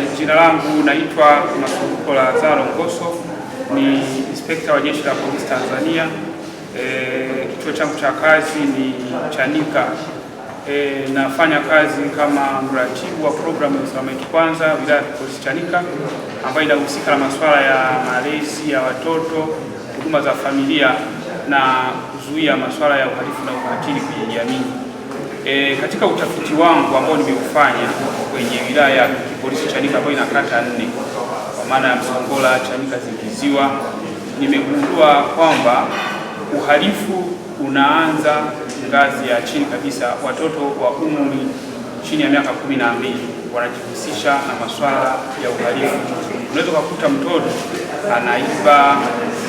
Eh, jina langu naitwa Masumbuko Lazaro Ngoso, ni inspekta wa Jeshi la Polisi Tanzania. E, kituo changu cha kazi ni Chanika. E, eh, nafanya kazi kama mratibu wa programu ya usalama kwanza wilaya ya polisi Chanika, ambayo inahusika na masuala ya malezi ya watoto, huduma za familia na kuzuia masuala ya uhalifu na ukatili kwenye jamii. E, katika utafiti wangu ambao nimeufanya kwenye wilaya ya kipolisi Chanika ambayo ina kata nne kwa maana ya Msongola, Chanika, Zingiziwa, nimegundua kwamba uhalifu unaanza ngazi ya chini kabisa. Watoto wa umri chini ya miaka kumi na mbili wanajihusisha na masuala ya uhalifu. Unaweza ukakuta mtoto anaiba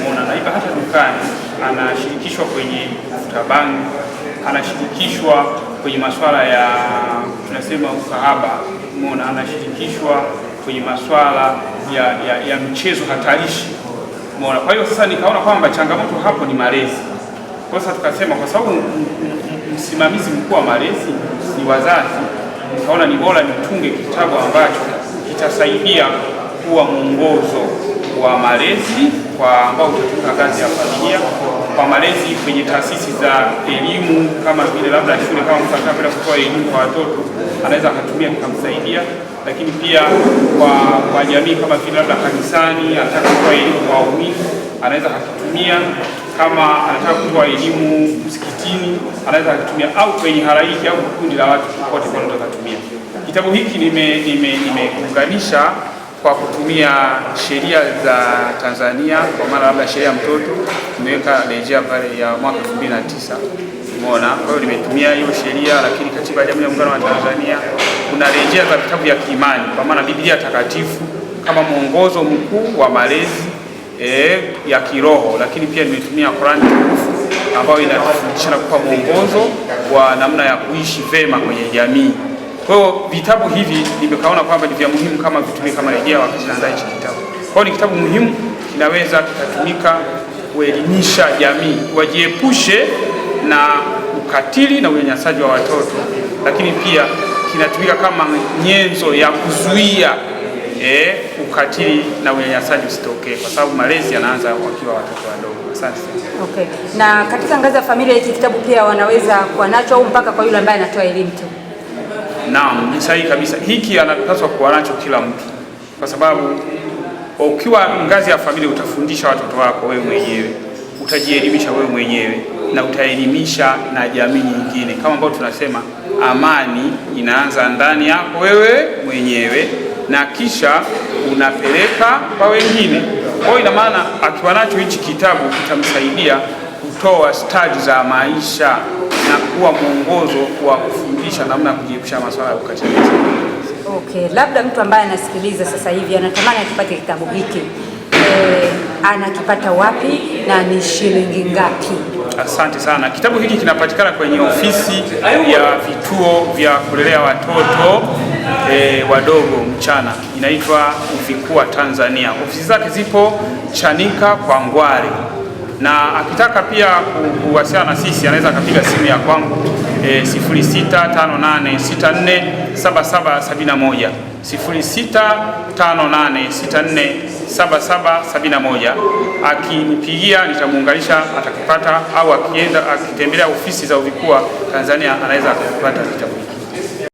mona, anaiba hata dukani, anashirikishwa kwenye kufuta bangi, anashirikishwa kwenye masuala ya tunasema ukahaba, umeona anashirikishwa kwenye masuala ya, ya, ya mchezo hatarishi, umeona. Kwa hiyo sasa nikaona kwamba changamoto hapo ni malezi. Kwa sasa tukasema kwa sababu msimamizi mkuu wa malezi ni wazazi, nikaona ni bora nitunge kitabu ambacho kitasaidia kuwa mwongozo wa malezi kwa ambao utatoka ngazi ya familia kwa malezi kwenye taasisi za elimu kama vile labda shule kama mtu anataka kutoa elimu kwa watoto anaweza akatumia kikamsaidia, lakini pia kwa, kwa jamii kama vile labda kanisani anataka kutoa elimu kwa waumini anaweza akatumia, kama anataka kutoa elimu msikitini anaweza akatumia, au kwenye halaiki au kundi la watu kote anaweza akatumia. Kitabu hiki nimeunganisha nime, nime kwa kutumia sheria za Tanzania kwa maana labda sheria ya mtoto imeweka rejea pale ya mwaka 2009. Umeona, kwa hiyo nimetumia hiyo sheria, lakini katiba ya Jamhuri ya Muungano wa Tanzania kuna rejea za vitabu vya kiimani kwa maana Biblia takatifu kama mwongozo mkuu wa malezi e, ya kiroho, lakini pia nimetumia Qur'an ambayo inatufundisha na kupa mwongozo wa namna ya kuishi vema kwenye jamii. Kwa hiyo vitabu hivi nimekaona kwamba ni vya muhimu kama vitumie kama rejea wakati naandaa hichi kitabu. Kwa hiyo ni kitabu muhimu, kinaweza kikatumika kuelimisha jamii wajiepushe na ukatili na unyanyasaji wa watoto, lakini pia kinatumika kama nyenzo ya kuzuia eh, ukatili na unyanyasaji usitokee, kwa sababu malezi yanaanza wakiwa watoto wadogo. Asante. Okay. Na katika ngazi ya familia, hiki kitabu pia wanaweza kuwa nacho au mpaka kwa yule ambaye anatoa elimu tu? Naam, ni sahihi kabisa. Hiki anapaswa kuwa nacho kila mtu, kwa sababu ukiwa ngazi ya familia utafundisha watoto wako wewe mwenyewe, utajielimisha wewe mwenyewe na utaelimisha na jamii nyingine, kama ambavyo tunasema amani inaanza ndani yako wewe mwenyewe na kisha unapeleka kwa wengine. Kwa hiyo ina maana akiwa nacho hichi kitabu kitamsaidia kutoa stadi za maisha na kuwa mwongozo wa kufundisha namna ya kujiepusha masuala ya ukatili. Okay, labda mtu ambaye anasikiliza sasa hivi anatamani akipate kitabu hiki eh, anakipata wapi na ni shilingi ngapi? Asante sana. Kitabu hiki kinapatikana kwenye ofisi ya vituo vya kulelea watoto eh, wadogo mchana, inaitwa Uvikua Tanzania. Ofisi zake zipo Chanika kwa Ngware na akitaka pia kuwasiliana na sisi anaweza akapiga simu ya kwangu e, 0658647771 0658647771. Akinipigia nitamuunganisha atakipata, au akienda akitembelea ofisi za UVIKUWA Tanzania anaweza akakipata vitabu.